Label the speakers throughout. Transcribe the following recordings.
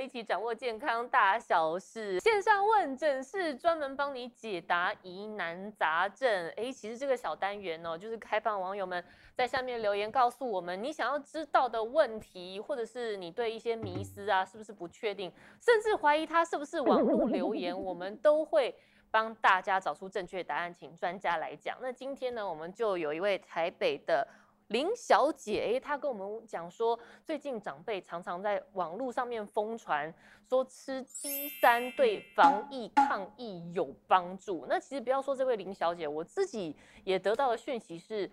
Speaker 1: 一起掌握健康大小事，線上問診室專門幫你解答疑難雜症。誒、欸，其實這個小單元哦、喔，就是開放網友們在下面留言，告訴我們你想要知道的問題，或者是你對一些迷思啊，是不是不確定，甚至懷疑它是不是網絡留言， 我們都會幫大家找出正確答案，請專家來講。那今天呢，我們就有一位台北的。林小姐，欸，她跟我們講說，最近長輩常常在網絡上面瘋傳，說吃 D 三對防疫抗疫有幫助。那其實不要說這位林小姐，我自己也得到的訊息是。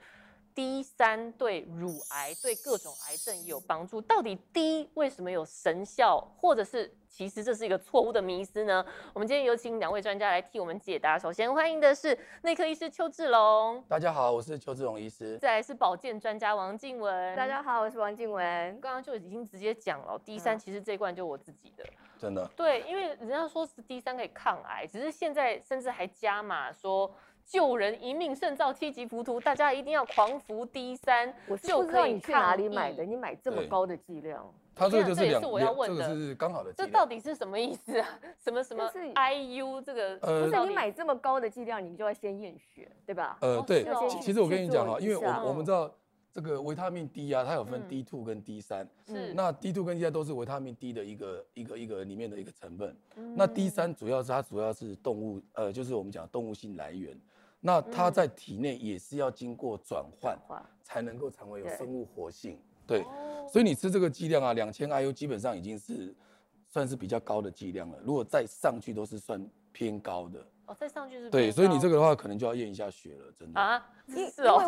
Speaker 1: D 三對乳癌，對各種癌症有幫助。到底 D 為什麼有神效，或者是其實這是一個錯誤的迷思呢？我們今天有請兩位專家來替我們解答。首先歡迎的是內科醫師邱志龍，大
Speaker 2: 家好，我是邱志龍醫師。再
Speaker 1: 來是保健專家王瀞文，大家好，我是王瀞文。剛剛就已經直接講了，D 三其實這一罐，就我自己的，真的，嗯。對，因為人家說是 D 三可以抗癌，只是現在甚至還加碼說。救人一命勝造七級浮屠，大家一定要狂服 D 三。就可以。你去哪裡買的，你買這麼高的劑量。他這個就是，這樣，這也是我要問的。這個、是剛好的劑量。這到底是什麼意思、啊？什麼什麼 I U 這個？呃，不是，你買這麼高的劑量，你就要先驗血，對吧？呃，對。哦哦、
Speaker 2: 其實我跟你講哈，因為我、嗯、我們知道這個維他命 D 啊，它有分 D 2跟 D 三。是。那 D 2跟 D 三都是維他命 D 的一個一個一個，一個裡面的一個成分。嗯、那 D 三主要是它主要是動物，呃，就是我們講的動物性來源。那它在體內也是要經過轉換，才能夠成為有生物活性、嗯。對，對，所以你吃這個劑量啊，兩千 IU 基本上已經是算是比較高的劑量了。如果再上去都是算偏高的。哦，再
Speaker 1: 上去是對，所以你
Speaker 2: 這個的話可能就要驗一下血了，哦、真的啊，哦、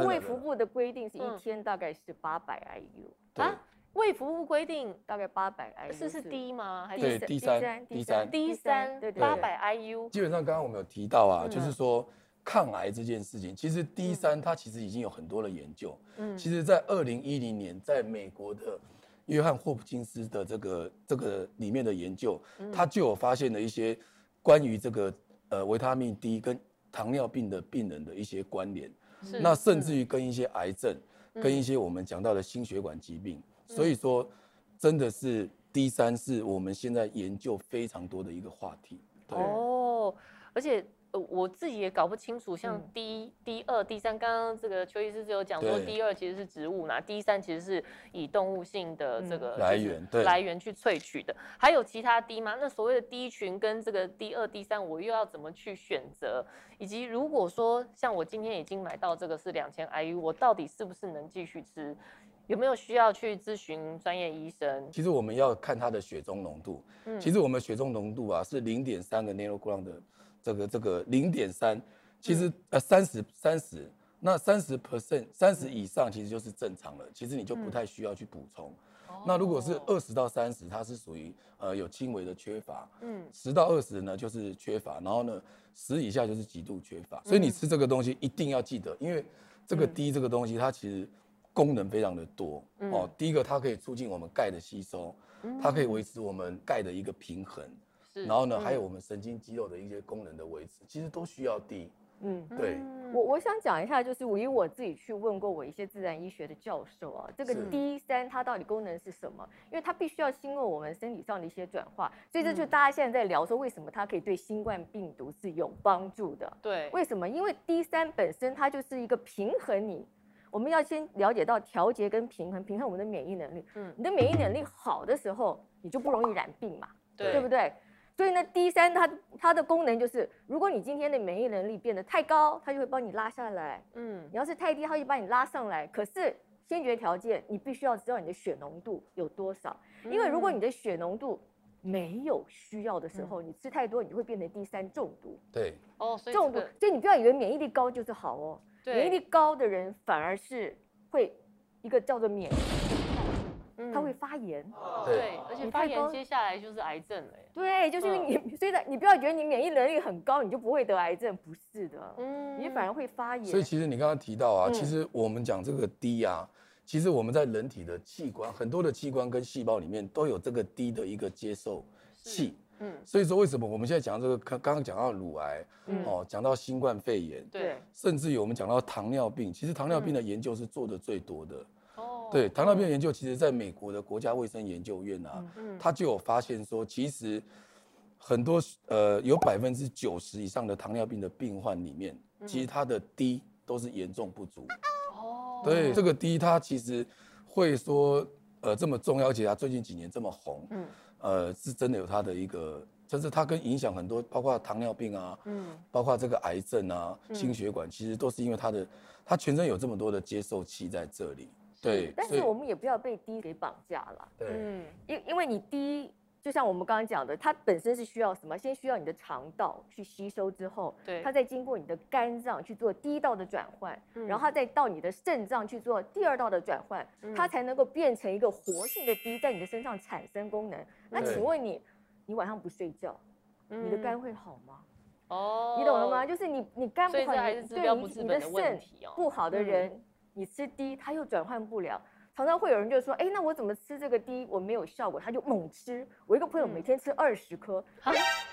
Speaker 3: 因為衛福部的規定是一天大概是八百 IU。啊，啊，衛福部規
Speaker 1: 定大概八百 IU，是是低嗎？還是低，D3，D3，D3，八百 IU。基
Speaker 2: 本上剛剛我們有提到啊，就是說、嗯。嗯抗癌這件事情，其實 D 三它其實已經有很多的研究。嗯，其實，在二零一零年，在美國的約翰霍普金斯的這個這個裡面的研究，它、嗯、就有發現了一些關於這個呃維他命 D 跟糖尿病的病人的一些關聯。那甚至於跟一些癌症，嗯、跟一些我們講到的心血管疾病。嗯、所以說，真的是 D 三是我們現在研究非常多的一個話題。
Speaker 1: 對、哦、而且。呃，我自己也搞不清楚，像 D、D 二、D 三，剛剛這個邱醫師就有講說，D 二其實是植物嘛，D 三其實是以動物性的這個來源對，來源去萃取的，嗯，還有其他 D 嗎？那所謂的 D 群跟這個 D 二、D 三，我又要怎麼去選擇？以及如果說像我今天已經買到這個是兩千 IU，我到底是不是能繼續吃？有沒有需要去諮詢專業醫生？
Speaker 2: 其實我們要看它的血中濃度，嗯，其實我們血中濃度啊是零點三個納克這個這個零點三，其實、嗯、呃三十三十，30, 30, 那三十 percent 三十以上其實就是正常了，其實你就不太需要去補充。嗯、那如果是二十到三十，它是屬於呃有輕微的缺乏。嗯。十到二十呢，就是缺乏，然後呢十以下就是極度缺乏、嗯。所以你吃這個東西一定要記得，因為這個 D 這個東西它其實功能非常的多、嗯、哦。第一個它可以促進我們鈣的吸收，它可以維持我們鈣的一個平衡。嗯嗯
Speaker 3: 然後呢、嗯，還有我
Speaker 2: 們神經肌肉的一些功能的維持，其實都需要 D、嗯。嗯，
Speaker 3: 對我我想講一下，就是我以我自己去問過我一些自然醫學的教授啊，這個 D 三、嗯、它到底功能是什麼？因為它必須要經過我們身體上的一些轉化，所以這就大家現在在聊說，為什麼它可以對新冠病毒是有幫助的。對，為什麼？因為 D 三本身，它就是一個平衡你，我們要先了解到調節跟平衡，平衡我們的免疫能力。嗯，你的免疫能力好的時候，你就不容易染病嘛，對不對？所以呢，D3 它它的功能就是，如果你今天的免疫能力變得太高，它就會幫你拉下來。嗯，你要是太低，它就幫你拉上來。可是先決條件，你必須要知道你的血濃度有多少。因為如果你的血濃度沒有需要的時候、嗯，你吃太多，你會變成 D3 中毒。對，哦、oh,，所以、這個、中毒。所以你不要以為免疫力高就是好哦。免疫力高的人反而是會一個叫做免疫力。
Speaker 1: 會發炎對，對，而且發炎接下來就是癌症了。對，就是你、嗯，
Speaker 3: 所以你不要覺得你免疫能力很高，你就不會得癌症，不是的，嗯，你反而會發炎。所以其實你
Speaker 2: 剛剛提到啊、嗯，其實我們講這個 D 啊，其實我們在人體的器官很多的器官跟細胞裡面都有這個 D 的一個接受器，嗯，所以說為什麼我們現在講這個剛剛講到乳癌，哦、嗯，講到新冠肺炎，對，甚至於我們講到糖尿病，其實糖尿病的研究是做的最多的。嗯對糖尿病研究，其實在美國的國家衛生研究院啊，嗯嗯、他就有發現說，其實很多呃，有百分之九十以上的糖尿病的病患裡面，嗯、其實它的 D 都是嚴重不足。哦，對，這個 D 它其實會說呃這麼重要，而且它最近幾年這麼紅，嗯，呃是真的有它的一個，就是它跟影響很多，包括糖尿病啊，嗯，包括這個癌症啊，心血管，嗯、其實都是因為它的，它全身有這麼多的接受器在這裡。對，但是我們
Speaker 3: 也不要被 D 給綁架了。對，因因為你 D 就像我們剛剛講的，它本身是需要什麼？先需要你的腸道去吸收之後，對，它再經過你的肝臟去做第一道的轉換，嗯，然後它再到你的腎臟去做第二道的轉換，嗯，它才能夠變成一個活性的 D，在你的身上產生功能。那、嗯啊、請問你，你晚上不睡覺，嗯，你的肝會好嗎？哦，你懂了嗎？就是你你肝不好，所以這還是治標不治本的問題，你，對你，你的腎不好的人。哦嗯你吃 D，它又轉換不了，常常會有人就說：“哎、欸，那我怎麼吃這個 D，我沒有效果，他就猛吃。”我一個朋友每天吃二十顆。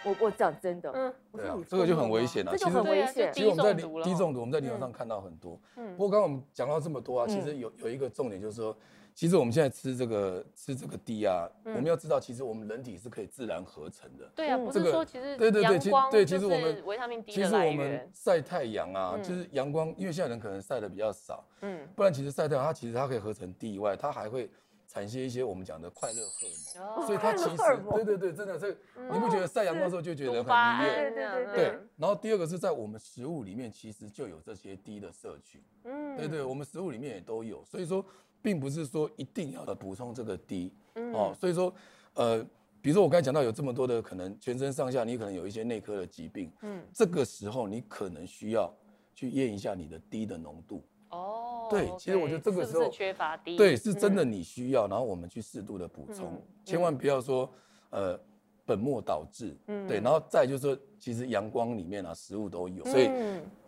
Speaker 3: 我我講真的，嗯，對啊，這個就很危險了、啊。這就很危險、啊，其實我們在 D、D 中毒，我們在臨床上
Speaker 2: 看到很多。嗯，不過剛剛我們講到這麼多啊，其實有有一個重點就是說。嗯嗯其實我們現在吃這個吃這個 D 啊，我們要知道，其實我們人體是可以自然合成的。對呀、啊，不是說其實對對對，其實對，其實我們其實我們曬太陽啊、嗯，就是陽光，因為現在人可能曬的比較少，嗯，不然其實曬太陽，它其實它可以合成 D 以外，它還會。產生一些我們講的快樂荷爾蒙，oh, 所以它其實、哦、對對對，真的，這、哦、你不覺得曬陽光的時候就覺得很愉悅，對對對，對，對。然後第二個是在我們食物裡面其實就有這些 D 的攝取，嗯，對，對對，我們食物裡面也都有，所以說並不是說一定要補充這個 D、嗯。哦，所以說，呃，比如說我剛才講到有這麼多的可能，全身上下你可能有一些內科的疾病，嗯，這個時候你可能需要去驗一下你的 D 的濃度。
Speaker 1: 哦、oh, okay,，對，其實我覺得這個時候是是缺乏 D 對，是真的
Speaker 2: 你需要，嗯、然後我們去適度的補充、嗯，千萬不要說、嗯、呃本末倒置，嗯，對，然後再就是說，其實陽光裡面啊食物都有、嗯，所以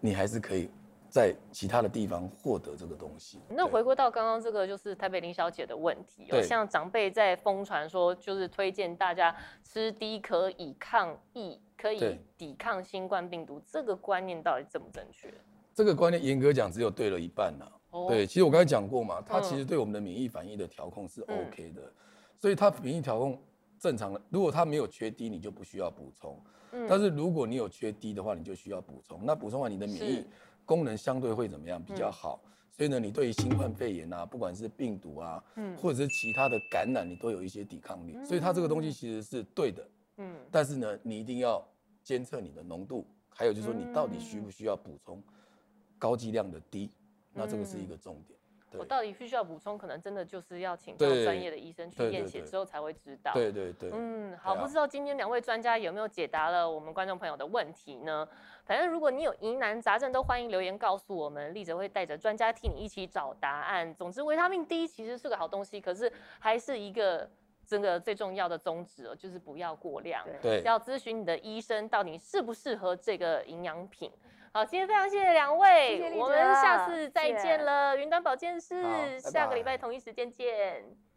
Speaker 2: 你還是可以在其他的地方獲得這個東西。嗯、那
Speaker 1: 回歸到剛剛這個就是台北林小姐的問題、喔對，像長輩在瘋傳說就是推薦大家吃 D 可以抗疫，可以抵抗新冠病毒，這個觀念到底麼正不正確？
Speaker 2: 這個觀念嚴格講只有對了一半吶、啊，oh. 對，其實我剛才講過嘛、嗯，它其實對我們的免疫反應的調控是 OK 的，嗯、所以它免疫調控正常的，如果它沒有缺 D，你就不需要補充、嗯，但是如果你有缺 D 的話，你就需要補充，那補充完你的免疫功能相對會怎麼樣比較好？嗯、所以呢，你對於新冠肺炎吶、啊，不管是病毒啊、嗯，或者是其他的感染，你都有一些抵抗力、嗯，所以它這個東西其實是對的，嗯，但是呢，你一定要監測你的濃度，還有就是說你到底需不需要補充。高劑量的 D，那這個是一個重點。嗯、我到
Speaker 1: 底需不需要補充，可能真的就是要請到專業的醫生去驗血之後才會知道。對對對，對對對，嗯，好、啊，不知道今天兩位專家有沒有解答了我們觀眾朋友的問題呢？反正如果你有疑難雜症，都歡迎留言告訴我們，立喆會帶着專家替你一起找答案。總之，維他命 D 其實是個好東西，可是還是一個。真的最重要的宗旨哦，就是不要過量。對，要諮詢你的醫生，到底適不適合這個營養品。好，今天非常謝謝兩位，謝謝，我們下次再見了。見雲端保健室，下個禮拜同一時間見。拜拜。